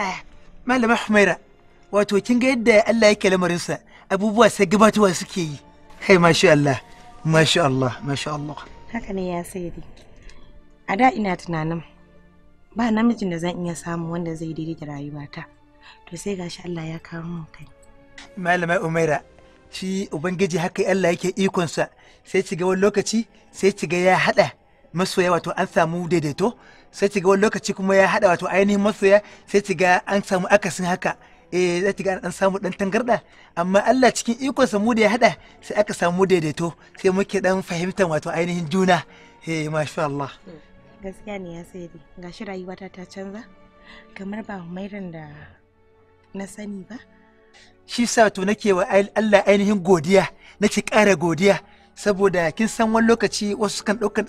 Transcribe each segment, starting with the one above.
Eh, Malama Humaira, wato kin ga yadda Allah yake lamarinsa abubuwa sai gabatowa suke yi. Kai masha Allah, masha Allah, masha Allah. Haka ne ya sayari. A da ina tunanin ba namijin da zan iya samu wanda zai daidai da rayuwata. To sai gashi Allah ya kawo mun kai. Malama Umaira, shi Ubangiji haka Allah yake sa sai ci ga wani lokaci sai ci ga ya haɗa masoya wato an samu daidaito sai ci ga wani lokaci kuma ya haɗa wato ainihin masoya sai ci ga an samu akasin haka eh za ci ga an samu dan tangarda amma Allah cikin sa mu da ya haɗa sai aka samu daidaito sai muke dan fahimtar wato ainihin juna eh masha Allah gaskiya ne ya sai shi rayuwata ta canza kamar ba mairan da na sani ba shi sa to nake wa Allah ainihin godiya nake ƙara godiya saboda kin san wani lokaci wasu kan dauke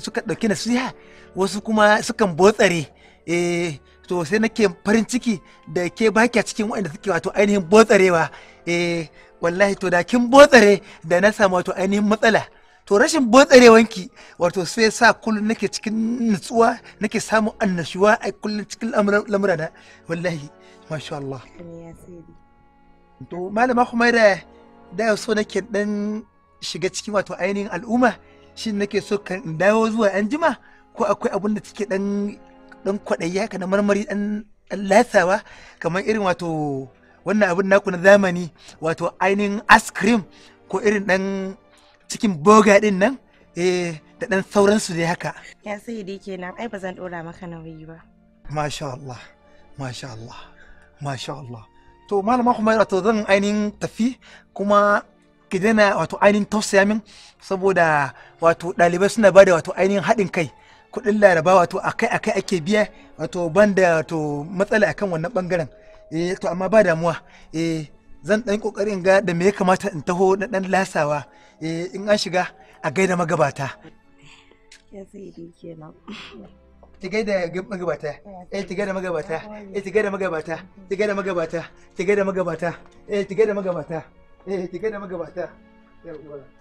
na nasiha wasu kuma sukan botsare eh to sai nake farin ciki da ke baki a cikin wanda suke wato ainihin botsarewa eh wallahi to da kin botsare da na samu wato ainihin matsala to rashin botsarewanki wato sai sa kullum nake cikin nutsuwa nake samun annashuwa a kullum cikin na wallahi masha Allah to malama kuma da da so nake dan shiga cikin wato ainihin al'umma shin nake so kan dawo zuwa yan jima ko akwai abun da take dan dan kwaɗayi haka na marmari dan lasawa kamar irin wato wannan abin naku na zamani wato ainihin ice cream ko irin dan cikin boga din nan eh da dan sauransu dai haka ya sai dai kenan ai ba zan dora maka nauyi ba masha Allah masha Allah masha Allah to malama kuma to zan ainihin tafi kuma ki dana wato ainihin tausaya min saboda wato ɗalibai suna bada wato ainihin haɗin kai kuɗin laraba wato akai akai ake biya wato ban da wato matsala akan wannan ɓangaren eh to amma ba damuwa eh zan ɗan ƙoƙarin ga da me ya kamata in taho na ɗan lasawa eh in an shiga a gaida magabata ya saidi kenan ki gaida magabata eh ki gaida magabata eh ki gaida magabata ki gaida magabata ki gaida magabata eh ki gaida magabata eh ki ga da magabata yawwa